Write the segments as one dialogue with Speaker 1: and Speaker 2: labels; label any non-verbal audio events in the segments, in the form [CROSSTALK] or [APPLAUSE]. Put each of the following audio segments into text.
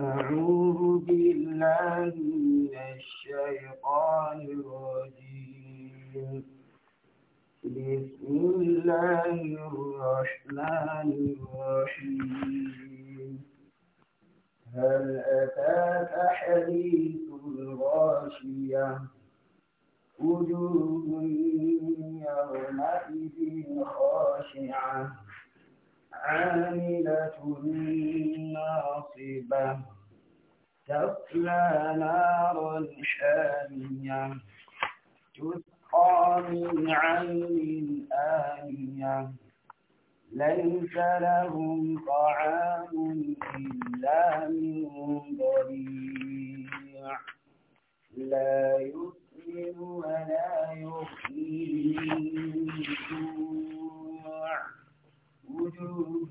Speaker 1: أعوذ بالله من الشيطان الرجيم بسم الله الرحمن الرحيم هل أتاك حديث الغاشية وجوه يومئذ خاشعة عاملة ناصبة تصلى نارا شامية تسقى من عين آنية ليس لهم طعام إلا من ضريع لا يسلم ولا يغني من وجوه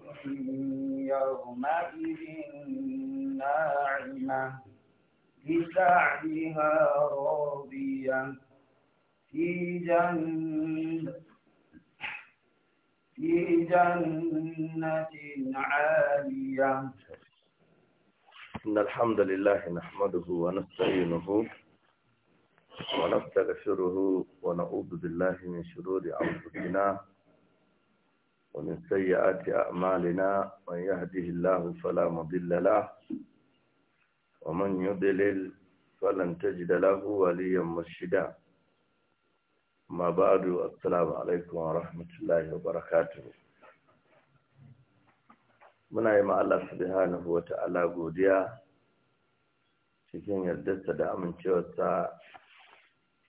Speaker 1: يومئذ ناعمة لسعيها راضية في جنة في جنة عالية
Speaker 2: إن الحمد لله نحمده ونستعينه ونستغفره ونعوذ بالله من شرور أنفسنا ومن سيئات أعمالنا من يهده الله فلا مضل له ومن يضلل فلن تجد له وليا مرشدا ما بعد السلام عليكم ورحمة الله وبركاته من أيما الله سبحانه وتعالى قوديا cikin yardarsa da amincewarsa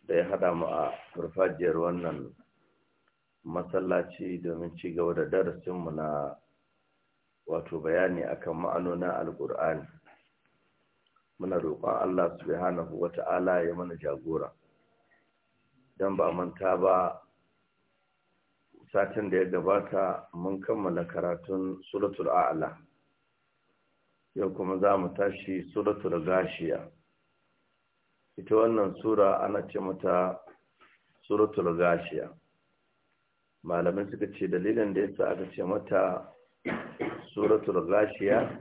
Speaker 2: da ya hada mu a farfajiyar wannan masallaci domin ci gaba da darasinmu na wato bayani akan ma'anonin alkur'ani muna roƙon Allah subhanahu wata'ala ya mana jagora don ba manta ba satin da ya gabata mun kammala karatun suratul a'la yau kuma za mu tashi suratul gashiya ita wannan sura ana ce mata suratul gashiya malamai suka ce dalilin da yasa aka ce mata suratul gashiya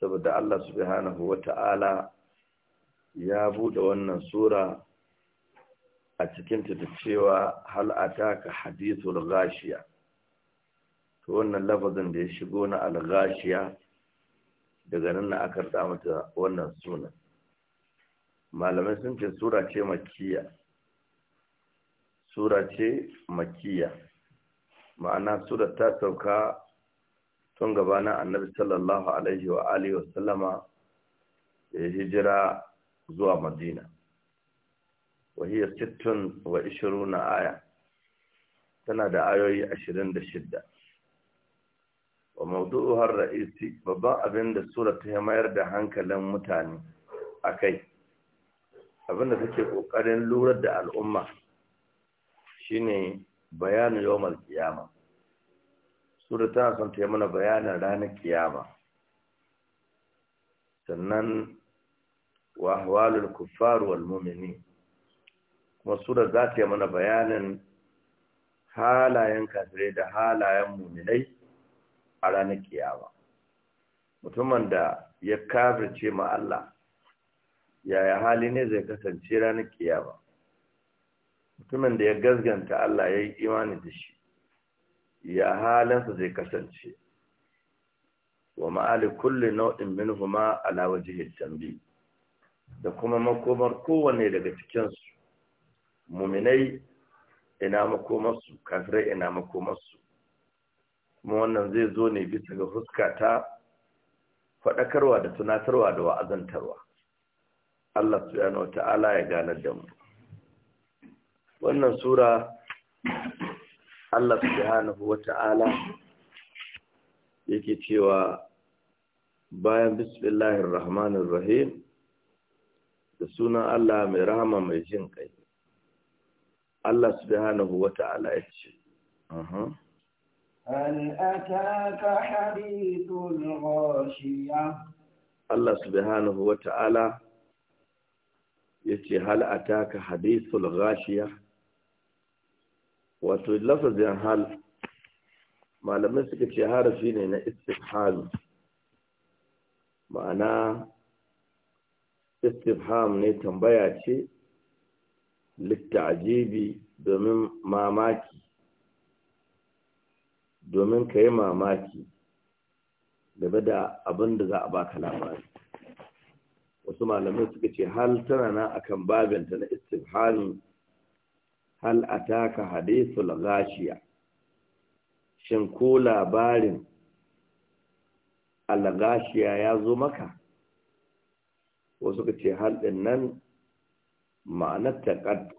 Speaker 2: saboda Allah subhanahu wata'ala ya bude wannan sura a cikin ta da cewa hal ataka hadithul gashiya to wannan lafazin da ya shigo na al gashiya daga nan na aka mata wannan sunan malamai sun ce sura ce makiyya. sura ce makiya ma'ana sura ta sauka tun gabana annabi sallallahu alaihi wa alihi wasallama ya hijira zuwa madina wahiyar sittun wa ishiru na aya tana da ayoyi ashirin da shidda wa har ra'isi babban abin da sura ta mayar da hankalin mutane a kai abin da take ƙoƙarin lura da al'umma shine bayanin yawmal Kiyama, sura ta san ta mana bayanin ranar kiyama sannan wa ahwalul kuffar wal mu'minin kuma sura za ta mana bayanin halayen kafirai da halayen mu'minai a ranar kiyama mutumin da ya kafirce ma Allah yaya hali ne zai kasance ranar kiyama mutumin da ya gasganta Allah ya yi imani da shi ya halinsa zai kasance wa ma'ali kulle nau'in minhuma ala jihar tambi da kuma makomar kowanne daga cikinsu muminai ina makomarsu kafirai ina makomarsu kuma wannan zai zo ne bisa ga fuska ta faɗakarwa da tunatarwa da wa'azantarwa Allah subhanahu ta'ala ya ganar da mu wannan sura Allah subhanahu wata'ala yake cewa bayan bismillahir rahmanir rahim da sunan Allah mai rahama mai jin kai Allah subhanahu wata'ala ya ce
Speaker 1: hal ataka hadithul ghashiya
Speaker 2: Allah subhanahu wata'ala yace hal ataka hadithul ghashiya wato lafazin hal malamai suka ce harafi ne na istifham ma'ana istifham ne tambaya ce littajibi domin mamaki domin ka yi mamaki game da abin da za a baka labari wasu malamai suka ce hal tana na akan babinta na istifhami hal ataka hadithul ghashiya shin ko labarin al-ghashiya ya maka wasu ka ce hal din nan ma'anar taqad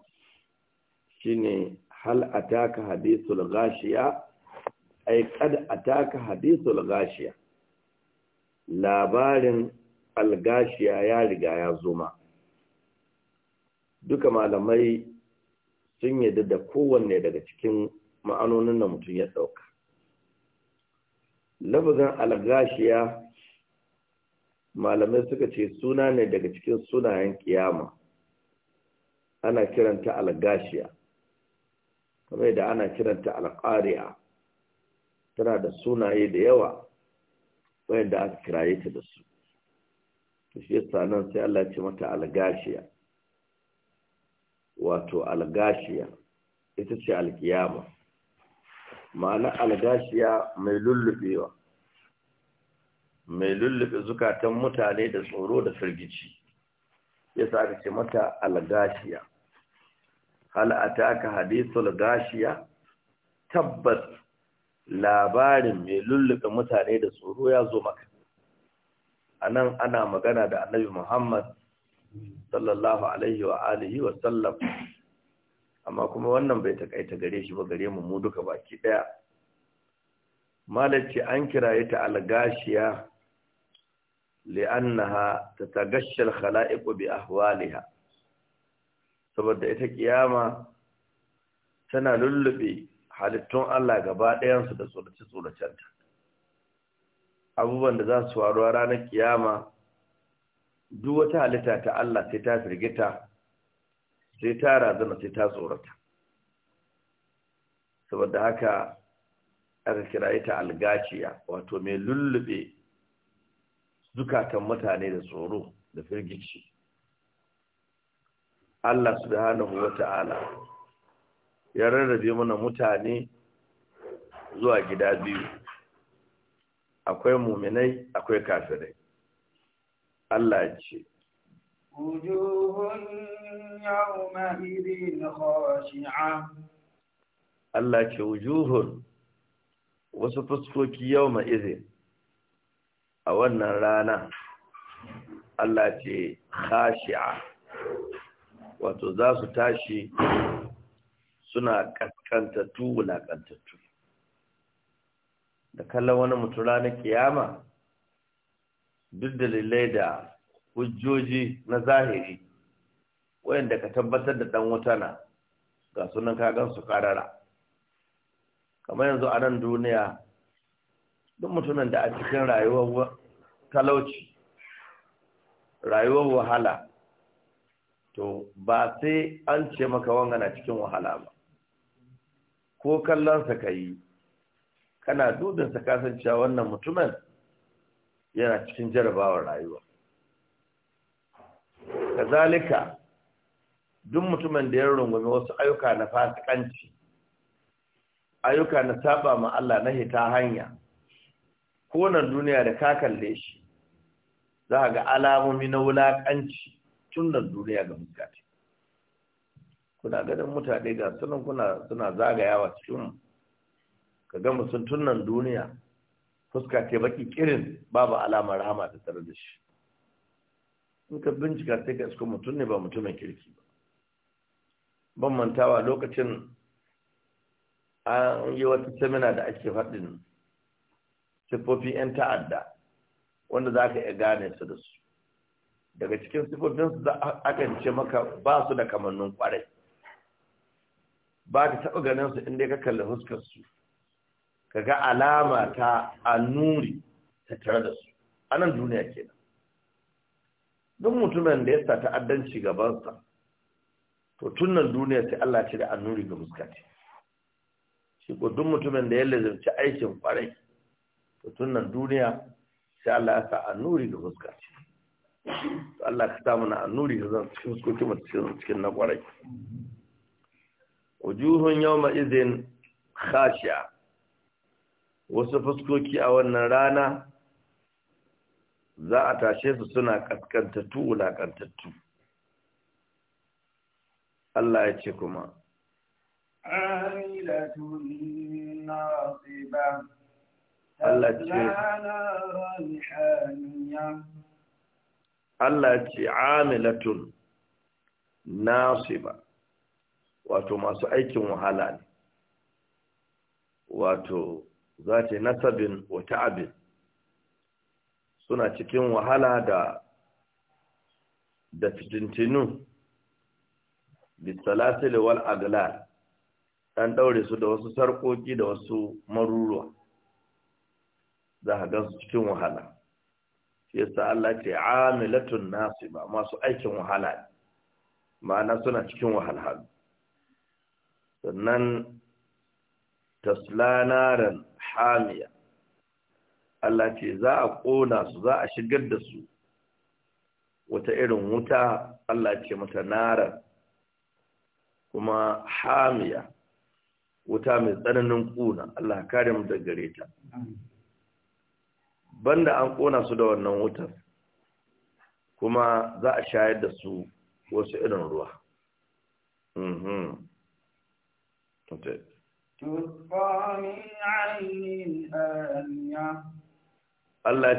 Speaker 2: shine hal ataka hadithul ghashiya ai kad ataka hadithul ghashiya labarin al-ghashiya ya riga ya zuma, ma duka malamai sun yadda da kowanne daga cikin ma'anonin da mutum ya ɗauka lafazin algashiya malamai suka ce suna ne daga cikin sunayen kiyama ana kiranta algashiya kamar da ana kiranta alƙariya, tana da sunaye da yawa wayanda aka kiraye ta da su to sanan sai Allah ce mata algashiya wato algashiya ita ce alkiyama ma'ana algashiya mai lullubewa mai lullube zukatan mutane da tsoro da firgici yasa aka ce mata algashiya hal ataka hadithu gashiya tabbas labarin mai lullube mutane da tsoro ya zo maka anan ana magana da annabi Muhammad sallallahu alaihi wa alihi wa sallam amma kuma wannan bai takaita gare shi ba gare mu mu duka baki daya malaci an kiraye ta algashiya li'annaha tatagashsha al khalaiq bi ahwaliha saboda ita kiyama tana lullube halittun Allah gaba ɗayansu da tsorace-tsoracenta abubuwan da za su faruwa ranar kiyama duk wata halitta ta Allah sai ta firgita sai ta razana sai ta tsorata saboda haka aka kira ta algaciya wato mai lullube zukatan mutane da tsoro da firgici Allah subhanahu wata'ala ya rarrabe mana mutane zuwa gida biyu akwai muminai akwai kafirai Allah ya ce Allah ce wujuhun wasu fuskoki yau ma'izi a wannan rana Allah ce hashi'a wato za su tashi suna kaskantattu wulakantattu da kallon wani mutu ranar kiyama duk dalilai da hujjoji na zahiri wayanda ka tabbatar da dan wuta na ga sunan ka gan su karara kamar yanzu a nan duniya duk mutumin da a cikin rayuwar talauci rayuwar wahala to ba sai an ce maka wanga na cikin wahala ba ko kallonsa ka yi kana dubinsa kasancewa wannan mutumin yana cikin jarabawar rayuwa kazalika duk mutumin da ya rungumi wasu ayyuka na fasikanci ayyuka na saba ma Allah na hita hanya ko duniya da ka kalle shi za ga alamomi na wulakanci tun da duniya ga mutane kuna ganin mutane ga sunan suna zagayawa cikin ka ga mutum tunan duniya fuska ce baki kirin babu alamar rahama ta tare da shi in ka bincika sai ka isko mutum ne ba mutumin kirki ba ban mantawa lokacin an yi wata semina da ake faɗin siffofin 'yan ta'adda wanda za ka iya gane su da su daga cikin siffofinsu za a ce maka ba su da kamannin kwarai ba ka taɓa ganin su inda ka kalli fuskar su kaga alama ta annuri tare da su a nan duniya kenan duk mutumin da ya sa ta'addanci gabansa to tun nan duniya sai Allah ce da annuri ga muskati shi ko duk mutumin da ya lazarci aikin kwarai to tun nan duniya sai Allah ya sa annuri ga muskati to Allah ka sa mana annuri ga zan cikin sukoki mutum cikin na kwarai wujuhun yawma idhin khashiya wasu fuskoki a wannan rana za a tashe su suna kaskantattu wulaƙantattu. Allah ya ce kuma Allah ce Allah ce amilatun nasiba wato masu aikin wahala ne wato za yi nasabin wa ta'abin suna cikin wahala da da fitintinu bisalatil wal aglar dan daure su da wasu sarkoki da wasu maruruwa za a gan su cikin wahala shi yasa Allah ce amilatun nasiba masu aikin wahala ma'ana suna cikin wahalhalu sannan taslanaran hamiya Allah ce za a ƙona su za a shigar da su wata irin wuta Allah ce mata narar kuma hamiya wuta mai tsananin ƙuna Allah kare mu da gare ta banda an ƙona su da wannan wutar kuma za a shayar da su wasu irin ruwa mhm Allah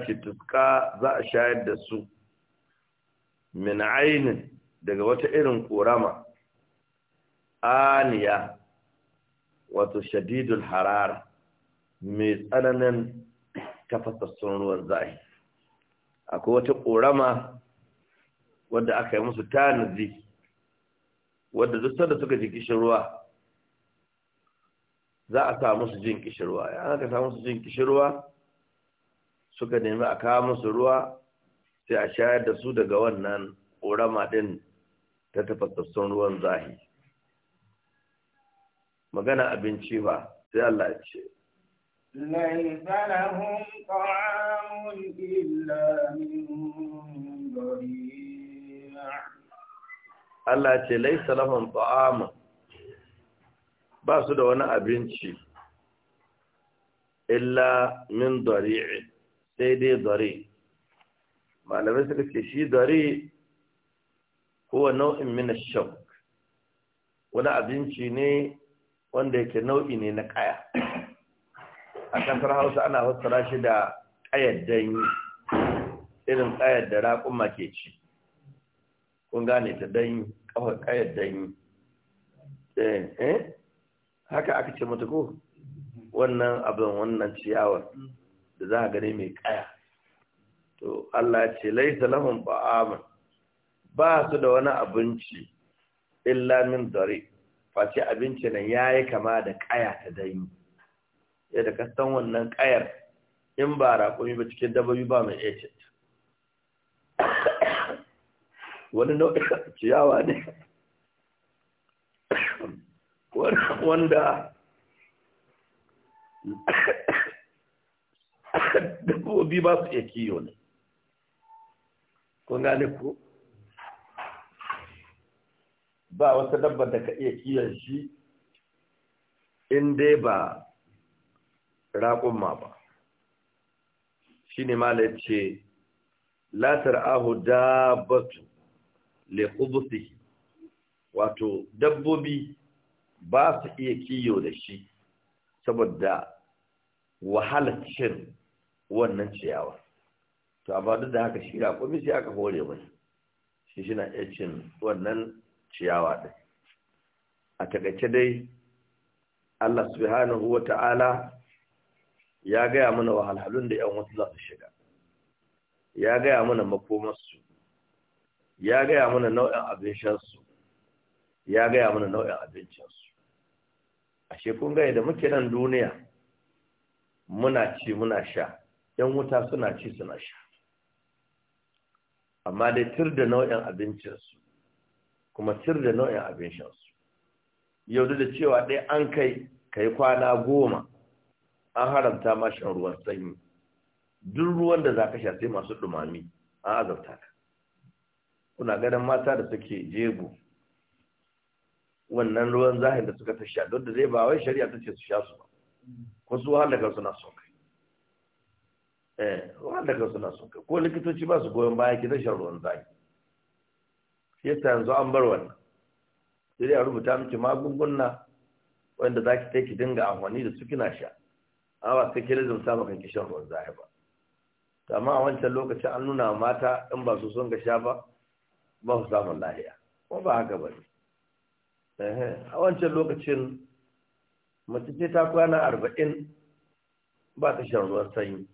Speaker 2: ce tuska za a shayar da su min daga wata irin ƙorama. aniya wato shadidul harara mai tsananin tafasassun ruwan zai akwai wata ƙorama wadda aka yi musu tanazi wadda duk sanda suka ji kishin ruwa za a sa musu jin kishirwa ya aka sa musu jin kishirwa suka nemi a kawo musu ruwa sai a shayar da su daga wannan ƙorama ɗin ta tafasassun ruwan zahi magana abinci ba sai Allah
Speaker 1: ce ليس لهم طعام إلا من ضريع
Speaker 2: Allah ce laisa lahum ta'amun ba su da wani abinci illa min dari'i sai dai dari malamai suka ce shi ko kowa nau'in mina shak wani abinci ne wanda yake nau'i ne na kaya a kasar hausa ana fassara shi da kayar danyi irin kayar da raƙuma ke ci kun gane ta danyi kawai kayar danyi eh, eh? haka aka ce mata ko wannan abin wannan ciyawar da za a gani mai kaya to Allah ya ce laisa lahum ba'aman ba su da wani abinci illa min dare face abinci nan yayi kama da kaya ta dai yadda ka san wannan kayar in ba raƙumi ba cikin dabbobi ba mai ecet wani nau'in [LAUGHS] ciyawa ne wanda dabbobi ba su iya kiyo ne kun gane ko ba wata dabbar da ka iya kiyon shi in dai ba raƙumma ba shi ne ma ce latar ahu dabbatu le wato dabbobi ba su iya kiyo da shi saboda wahala cin wannan ciyawa to amma duk da haka shi kuma sai aka hore mai shi shi na iya cin wannan ciyawa ɗin a takaice dai Allah subhanahu wa ta'ala ya gaya mana wahalhalun da ‘yan wasu za su shiga ya gaya mana makomarsu ya gaya mana nau'in abincinsu ya gaya mana nau'in abincinsu ashe kun ga da muke nan duniya muna ci muna sha yan wuta suna ci suna sha amma dai tir da nau'in abincinsu kuma tir da nau'in abincinsu yau da cewa dai an kai kai kwana goma an haramta mashin ruwan sanyi duk ruwan da za ka sha sai masu dumami an azabta ka kuna ganin mata da suke jego wannan ruwan zahin da suka tashi don da zai ba wai shari'a ta ce su sha su ba su wahala kan suna son kai eh wahalakar suna son kai ko likitoci ba su goyon baya ki shan ruwan zahir shi yasa yanzu an bar wannan sai a rubuta miki magunguna wanda za ki ki dinga amfani da su kina sha amma sai ki lazim samu kanki shan ruwan zahir ba amma a wancan lokacin an nuna mata in ba su son ga sha ba ba su samun lahiya ko ba haka ba ne a wancan lokacin mace ce ta kwana arba'in ba ta shan ruwan sanyi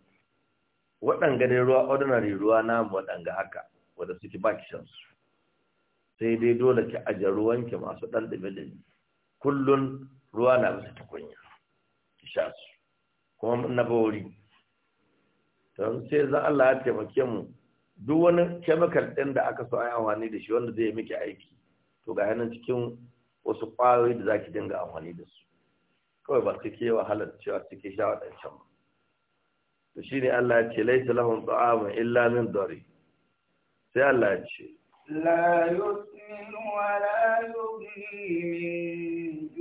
Speaker 2: waɗanga ne ruwa ordinary ruwa na waɗanga haka wadda suke ba ki shan su sai dai dole ki aje ruwanki masu ɗan ɗumi Kullum ruwa na bisa tukunya ki sha su kuma na bauri don sai za Allah ya taimake mu duk wani chemical ɗin da aka so a yi amfani da shi wanda zai miki aiki to ga yanan cikin wasu ƙwayoyi da za ki dinga amfani da su kawai ba su ke wahalar cewa suke sha waɗancan ba to shi ne Allah ya ce laisa lahum ta'amun illa min dori sai Allah ya ce la
Speaker 1: yusmin wa la yughni min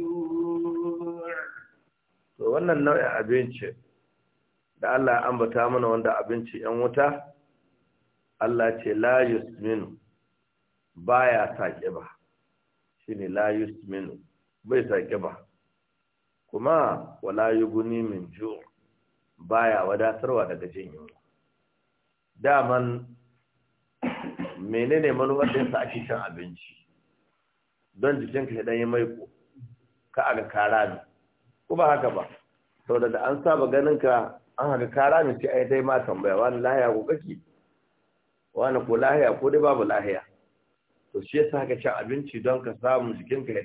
Speaker 2: to wannan nau'in abinci da Allah ya ambata mana wanda abinci yan wuta Allah ce la yusminu baya sake ba shine la yusminu bai sake ba kuma wala yuguni min ju baya wadatarwa daga jin yunwa daman menene manuwar da yasa ake cin abinci don jikinka ya danyi maiko ka aga kara ne ko ba haka ba sau da an saba ganin ka an haka kara ne sai ai dai ma tambaya wani lahiya ko kake wani ko lahiya ko dai babu lahiya to shi yasa ka ci abinci don ka samu jikinka ya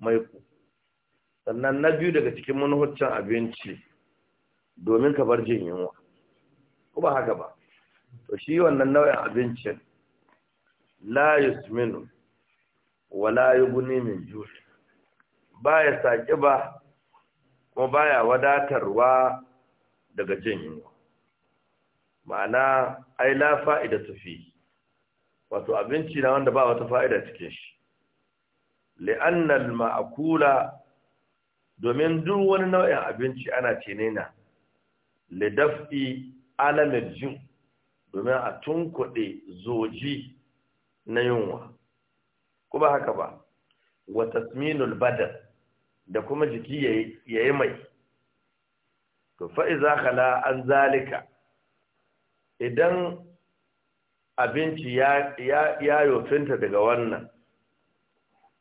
Speaker 2: mai ku sannan na biyu daga cikin manhajar abinci domin ka bar jin yunwa ko ba haka ba to shi wannan nau'in abincin la yusminu wa la yughni min Ba ya saki ba kuma ya wadatarwa daga jin yunwa ma'ana ai la fa'ida tufi wato abinci na wanda ba wata fa'ida cikin shi li'annal ma'akula domin duk wani nau'in abinci ana li dafi alamir jin domin a tunkuɗe zoji na yunwa kuma haka ba wa tasminul badar da kuma jiki ya yi mai to fa'iza kala an zalika idan abinci ya yofinta daga wannan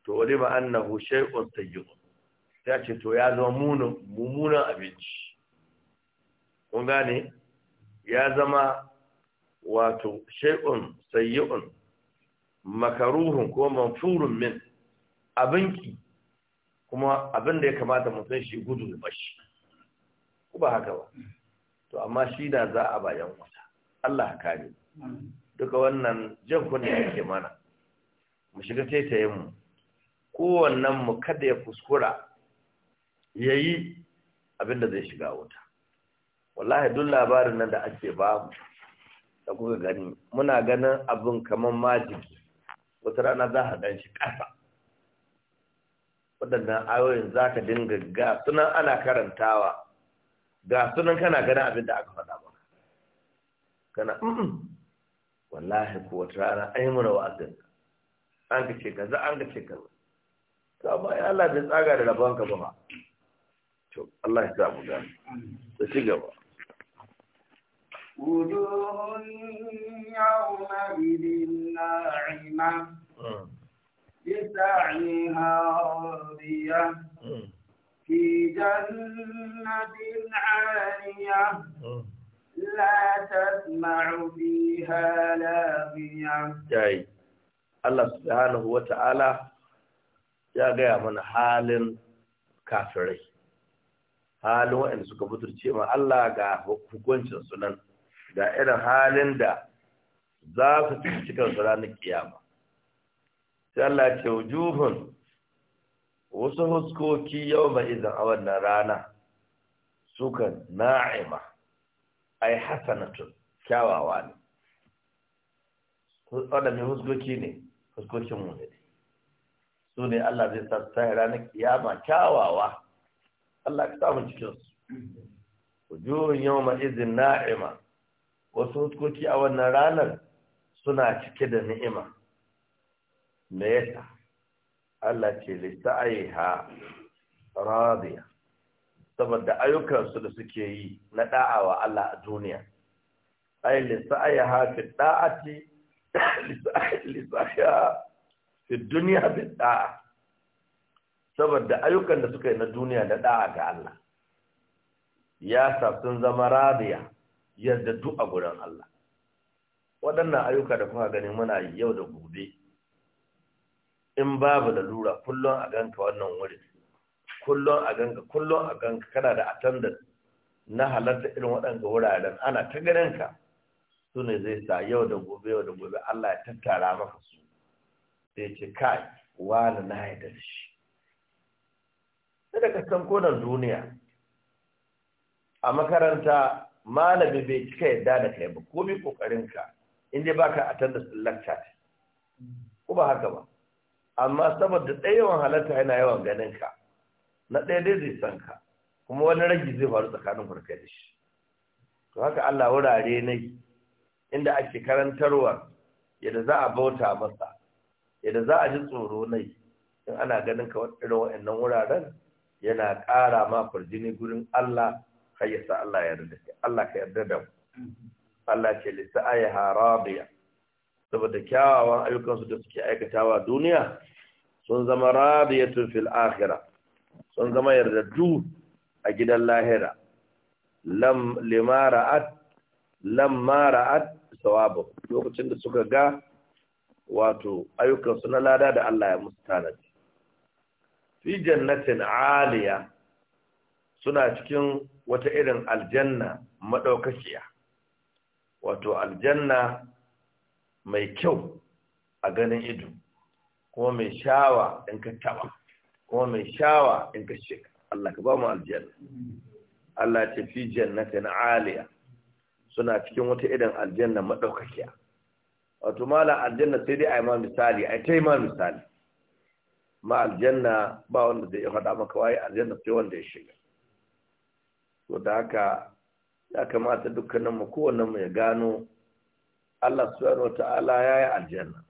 Speaker 2: to wani ma'annahu shai'un sayyi'un ta ce to ya zama mummunan abinci kun gane ya zama wato shai'un sayyi'un makaruhun ko manfurun min abinki kuma abin da ya kamata mutum shi gudu da bashi ko ba haka ba to amma shi da za a bayan wata Allah ka kare duka wannan jan kunne yake mana mu shiga taitayen mu kowannen mu kada ya kuskura yayi da zai shiga wuta wallahi duk labarin nan da ake bamu da kuka gani muna ganin abin kamar majiki wata rana za a dan shi ƙasa waɗannan ayoyin za ka dinga ga sunan ana karantawa ga sunan kana ganin abin da aka faɗa maka kana wallahi ko wata rana ai mura wa'azin an ka ce kaza an ka ce kaza to amma ya Allah bai tsaga da rabon ka ba ma to Allah ya sa mu gani to ci gaba
Speaker 1: wujuhun yawma idin na'ima لسعيها راضية في جنة عالية لا تسمع فيها لاغية
Speaker 2: جاي الله سبحانه وتعالى يا gaya mana halin kafirai halin waɗanda suka buturce ma Allah ga hukuncin sunan ga irin halin da za su ci kansu ranar kiyama sai Allah ce wujuhun wasu huskoki yau mai izin a wannan rana suka na'ima ai hasanatun kyawawa ne waɗannan huskoki ne huskokin mu ne su ne Allah zai sa ta ranar kiyama kyawawa Allah ka samu cikinsu wujuhun yawma izin na'ima wasu huskoki a wannan ranar suna cike da ni'ima me yasa Allah ce li ha radiya saboda ayyukansu da suke yi na wa Allah a duniya ay lisaya ha fi da'ati ya fi duniya bi da'a saboda ayyukan da suka yi na duniya da da'a ga Allah ya sa sun zama radiya yadda du'a a gurin Allah waɗannan ayyuka da kuka gani muna yau da gobe in babu lalura kullum a ganka wannan wurin kullum a ganga kullum a ganga kana da attendance na halarta irin waɗanda wuraren ana ta ganin ka su ne zai sa yau da gobe yau da gobe Allah ya tattara maka su sai ce kai wani na yadda da shi sai da kasan duniya a makaranta malami bai cika yadda da kai ba ko bi kokarinka inda baka attendance lecture ko ba haka ba amma saboda yawan halarta yana yawan ganin ka na ɗaya dai zai san ka kuma wani ragi zai faru tsakanin farkai da shi to haka Allah wurare ne inda ake karantarwa yadda za a bauta masa yadda za a ji tsoro ne in ana ganin ka irin wa'annan wuraren yana ƙara ma farjini gurin Allah har ya sa Allah ya yarda Allah ka yarda da mu Allah ce lissa ayi harabiya saboda kyawawan ayyukansu da suke aikatawa duniya sun zama rabiyatun fil akhirah sun zama yardaddu a gidan lahira lam limara'at lam mara'at sawabu lokacin da suka ga wato ayyukan su na lada da Allah ya musu tanaji fi jannatin aliya suna cikin wata irin aljanna madaukakiya wato aljanna mai kyau a ganin ido kuma mai shawa in ka taba kuma mai shawa in ka shika Allah ka ba mu aljanna Allah ta fi na aliya suna cikin wata irin aljanna madaukakiya wato mala aljanna sai dai a yi ma misali a tai ma misali ma aljanna ba wanda zai hada maka waye aljanna sai wanda ya shiga to da haka ya kamata dukkanin mu kowannen mu ya gano Allah subhanahu wata'ala ya aljanna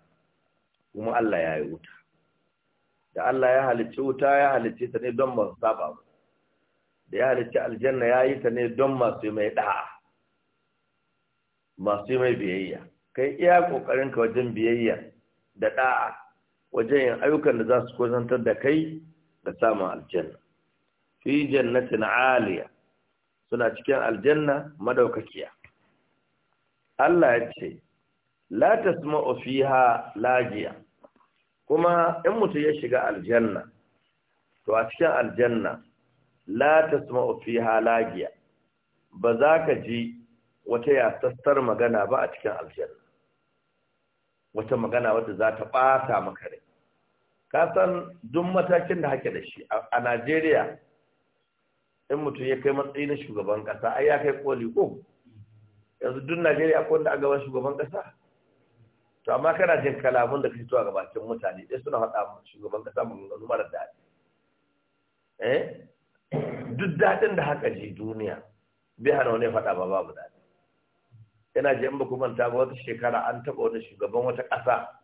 Speaker 2: kuma Allah yayi wuta da Allah ya halicci wuta ya halicci ta ne don masu saba ba da ya halicci aljanna ya yi ta ne don masu mai ɗa'a, masu mai biyayya kai iya ƙoƙarinka ka wajen biyayya da ɗa'a wajen yin ayyukan da za su kusantar da kai da samun aljanna fi jannatin aliya suna cikin aljanna madaukakiya Allah ya ce la tasma'u fiha lajiya. kuma in mutum ya shiga aljanna to a cikin aljanna la tasma'u fiha lagiya ba za ka ji wata yasassar magana ba a cikin aljanna wata magana wata za ta ɓata maka rai ka san duk matakin da hake da shi a Najeriya in mutum ya kai matsayi na shugaban kasa ai ya kai koli ko yanzu duk Najeriya akwai wanda a gaban shugaban kasa to amma kana jin kalamun da fito a gabakin mutane dai suna faɗa shugaban kasa maganganu numar daɗi eh duk daɗin da haka ji duniya bai hana wani faɗa ba babu daɗi ina ji in ba ku manta ba wata shekara an taɓa wani shugaban wata ƙasa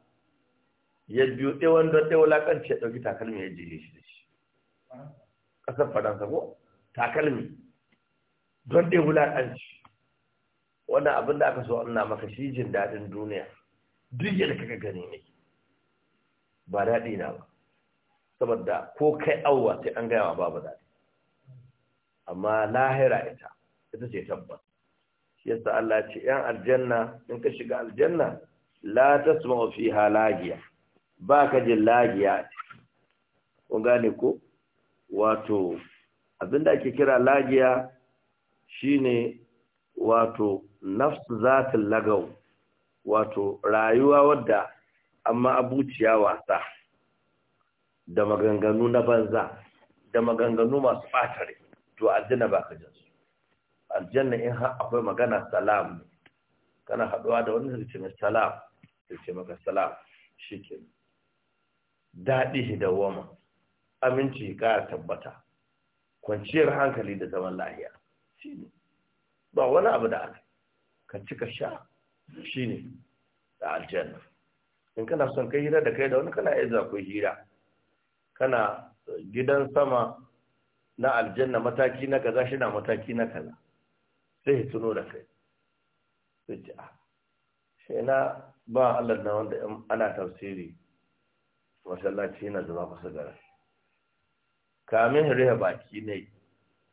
Speaker 2: ya biyu ɗewan don ɗewa laƙanci ya ɗauki takalmi ya jiye shi da shi ƙasar faransa ko takalmi don ɗewa laƙanci wannan abin da aka so na maka shi jin daɗin duniya duk yadda kaka gani ne ba daɗi na ba saboda ko kai auwa sai an gaya wa babu daɗi amma lahira ita ita ce tabbas shi yasa Allah ce yan aljanna in ka shiga aljanna la tasma'u fiha lagiya ba ka jin lagiya kun gane ko wato abinda ake kira lagiya shine wato nafsu zatul lagaw wato rayuwa wadda amma abuciya wasa da maganganu na banza da maganganu masu fatare to aljanna ba ka jinsu aljanna in har akwai magana salam kana haɗuwa da wani ce mai salam rice maka salam shi daɗi da wama aminci ƙara tabbata kwanciyar hankali da zaman lahiya shi ba wani abu da aka ka cika sha ne da aljanna in kana son kai hira da kai da wani kana iya zuwa hira kana gidan sama na aljanna mataki na kaza shi na mataki na kaza sai ya tuno da kai sai ah, na ba Allah na wanda ana tafsiri masallaci yana zama kusa gara kamin riha baki ne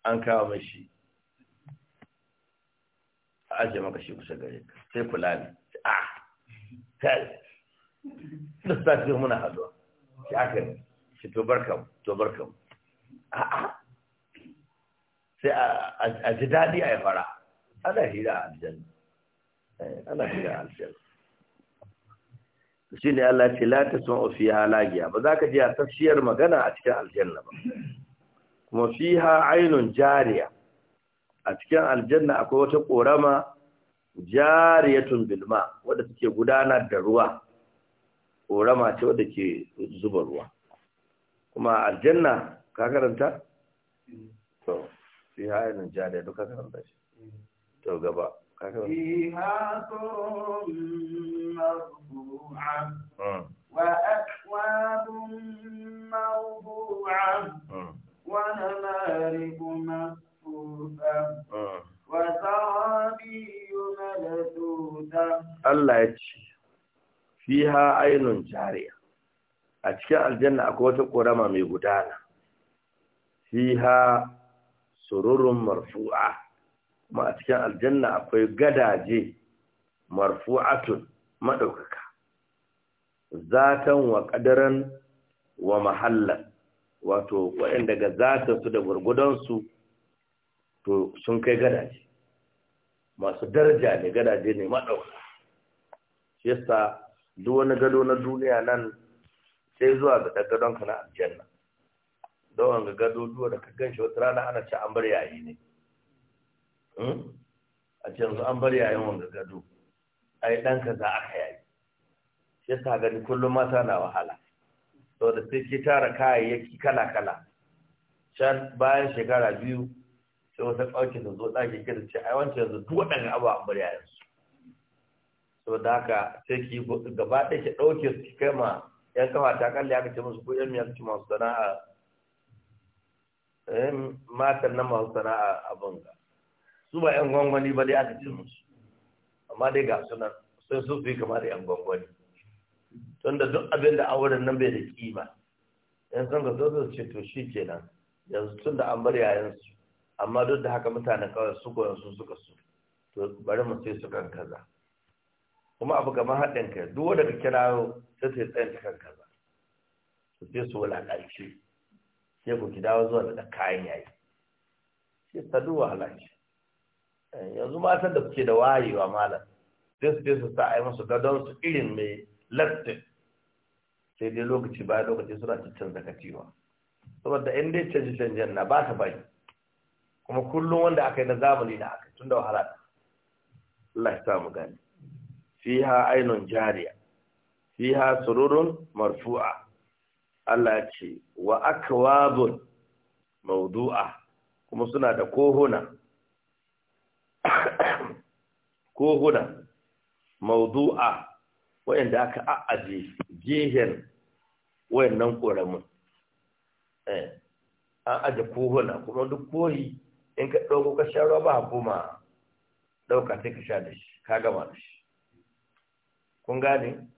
Speaker 2: an kawo mashi a aje maka shi kusa gare ka sai kula ne a ah, kai duk ta fi muna haduwa shi aka ne shi to barka to barkam a a sai a ji dadi a yi fara ana hira a aljanna eh, ana hira a aljanna shi ne Allah ce la ta sun fiha lagiya ba za ka ji a tafiyar magana a cikin aljanna ba kuma fiha ainun jariya a cikin aljanna akwai wata korama jariyatun bilma wadda take gudanar da ruwa korama ce wadda ke zuba ruwa kuma aljanna ka karanta to fi hayanin jariya duka karanta shi to gaba ka karanta
Speaker 1: وأكواب مرضوعة ونمارق مسطورة allah ya ce,
Speaker 2: الله يجي فيها a cikin aljanna akwai wata ƙorama mai gudana fiha sururun marfu'a kuma a cikin aljanna akwai gadaje marfu'atun maɗaukaka zatan wa ƙadaran wa mahallan wato waɗanda ga zatansu da gwargwadonsu to sun kai gadaje masu daraja ne gadaje ne maɗauka shi yasa duk wani gado na duniya nan sai zuwa ga ka na aljanna don wanga gado duwa da ka shi wata rana ana ci an bar yayi ne hmm? a can su an bar yayin wanga gado ai ɗanka za a yayi shi yasa gani kullum mata na wahala saboda sai ke tara kayayyaki kala-kala can bayan shekara biyu sai wata ƙauke ta zo ɗakin kira ce ai wancan yanzu duk waɗannan abu a bari a yanzu da haka sai ki gaba ɗaya ki ɗauke su ki kai ma yan kafa ta kalli aka ce musu ko yan miyar ci masu sana'a matan na masu sana'a a banga su ba yan gwangwani ba dai aka ce musu amma dai ga nan sai su fi kama da yan gwangwani tunda duk abin da auren nan bai da kima yan san ga zo su ce to shi kenan yanzu tun da an bar yayansu amma duk da haka mutanen kawai su goyon su suka su to bari mu sai su kan kaza kuma abu ga haɗin kai duk wanda ka kirawo sai sai tsayin ta kan kaza su sai su wulaƙanci sai ku ki dawo zuwa da kayan yayi sai ta duwa halarci eh, yanzu matan da kuke da wayewa malam sai su sai su sa a yi musu gadon su irin mai latte sai dai lokaci bayan lokaci suna cikin zakatiwa saboda in dai canji canjen na ba ta bari kuma kullum wanda aka yi na zamani da aka tun da wahala Allah ya mu gani fiha ainun jariya fiha sururun marfu'a Allah ya ce wa akwabun mawdu'a kuma suna da kohuna [COUGHS] kohuna mawdu'a wayanda aka a'aje gehen wayannan koramin eh an aje kohuna kuma duk kohi in ka ɗauko ka sha ruwa ba koma ɗauka sai ka sha da shi ka gama da shi kun gane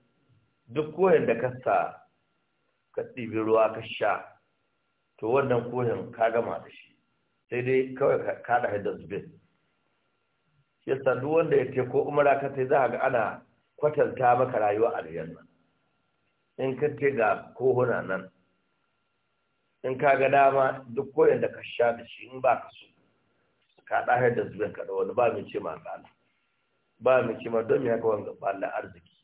Speaker 2: duk kohin da ka sa ka ɗibi ruwa ka sha to wannan kohin ka gama da shi sai dai kawai ka da haidar zubin ya duk wanda ya ce ko umara ka sai za ga ana kwatanta maka rayuwa a riyar nan in ka ce ga kohuna nan in ka ga dama duk koyin da ka sha da shi in ba ka so ka ɗahar da zubin ka da wani ba mai ce ma ƙana ba mai ce ma don ya ka wanga ɓallar arziki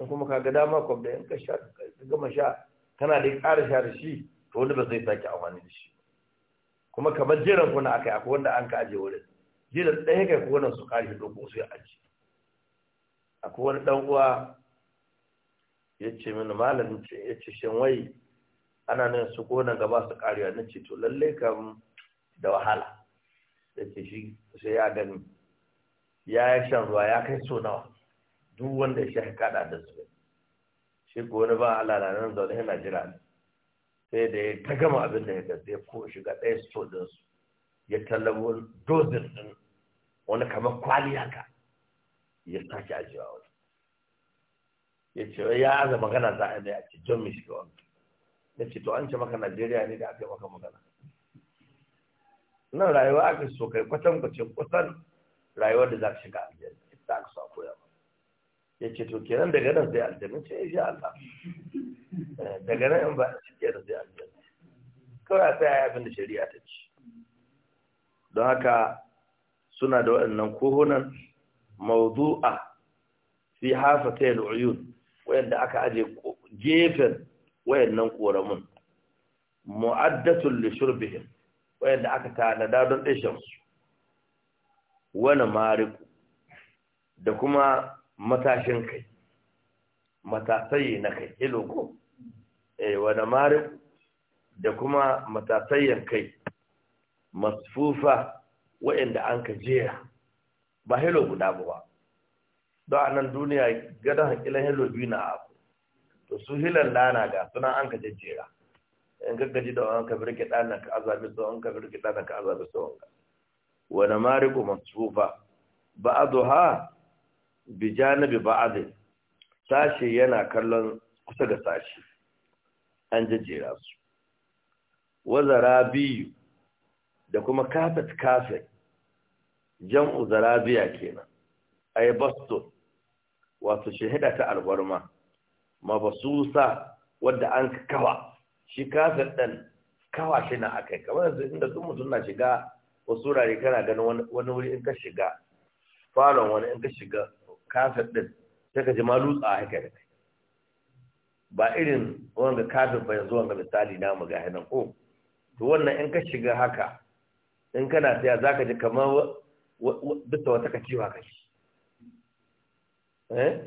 Speaker 2: in kuma ka ga dama kwam da yanka sha ka gama sha kana da ƙara sha da shi to wani ba zai sake amfani da shi kuma kamar jeran kuna aka yi akwai wanda an ka aje wurin jiran ɗaya kai ko wannan su ƙari shi ko su ya aje akwai wani ɗan uwa ya ce mini malamin ce ya ce shin wai ana nan su ko nan gaba su ƙariya na ce to lallai kam da wahala da shi sai ya gani ya yi shan ruwa ya kai so nawa duk wanda ya shan kada da su shi ko wani ba Allah na nan zaune yana jira sai da ya ta gama abin da ya gaza ko shiga ɗaya so din su ya tallabo dozin din wani kamar kwali haka ya sake ajiyewa wani ya ce ya aza magana za a yi a ce ga wani ya ce to an ce maka najeriya ne da aka yi maka magana nan rayuwa aka so kai kwatan kwacin kusan rayuwar da za ka shiga aljanna ita aka so koya ba. ya ce to kenan daga nan sai aljanna ce ji eh, Allah eh, daga nan in ba a cike da sai aljanna kawai a tsaya abin da shari'a ta ci. don haka suna da waɗannan kohunan mawdu'a fi yin uyun wayanda aka aje gefen wayannan koramun mu'addatul li shurbihim wayanda aka tanada don ɗashinsu wani mariku da kuma matashin kai matasai na kai ilogo eh wani mariku da kuma matasayen kai masfufa wayanda an ka jera ba hilo guda ba don a nan duniya gada hakilan hilo biyu na abu to su hilan lana ga suna an ka jejjera in ka gaji da wanka birki ɗana ka azabi tsawon ka birki ɗana ka azabi tsawon ka wani mariku tsufa ba a ha bi janibi ba zai sashi yana kallon kusa ga sashi an jajjera su wazara biyu da kuma kafet kafet jam'u zarabiya kenan ai basto wato shahida ta alwarma mabasusa wadda an kawa shi kasar ɗan kawa shi na akai kamar yanzu inda sun mutum na shiga wasu wurare kana ganin wani wuri in ka shiga falon wani in ka shiga kasar ɗin sai ka ji ma lutsa haka da kai ba irin wanga kafin ba yanzu wanda misali na mu ga hinan ko to wannan in ka shiga haka in kana tsaya za ka ji kamar bisa wata kaciwa ka shi eh?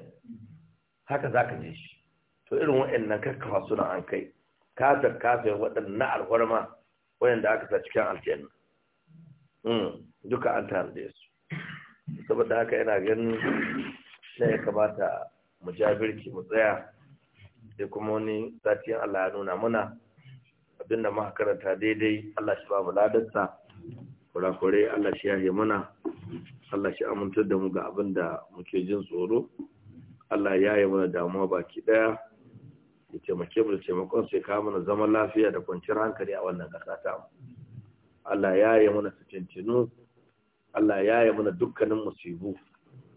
Speaker 2: haka za ka ji shi to irin wa'annan kakkawa suna an kai kafin kafin waɗannan alhorma wayanda aka sa cikin aljanna hmm, duka an tarde su saboda haka yana ganin na ya kamata mu birki mu tsaya sai kuma wani sati Allah ya nuna muna abinda muka karanta daidai Allah shi ba mu ladarsa kurakure Allah shi yahe muna Allah shi amintar da mu ga abinda muke jin tsoro Allah ya yi mana damuwa baki daya ya taimake mu da taimakon sai kawo mana zaman lafiya da kwanciyar hankali a wannan ƙasa ta mu Allah ya yi mana fitintinu Allah ya yi mana dukkanin musibu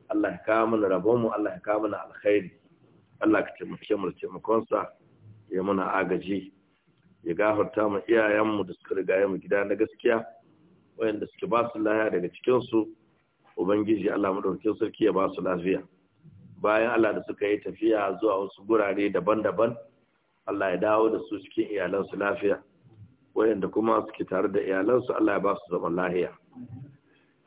Speaker 2: Allah ya kawo mana rabon mu Allah ya kawo mana alkhairi Allah ka taimake mu da taimakon sa ya mana agaji ya gafarta mu iyayen mu da suka riga mu gida na gaskiya wayanda suke ba su lafiya daga cikin su ubangiji Allah mu madaukakin sarki ya ba su lafiya bayan Allah da suka yi tafiya zuwa wasu gurare daban-daban Allah ya dawo da su cikin iyalansu lafiya wayanda kuma suke tare da iyalansu Allah ya ba su zaman lahiya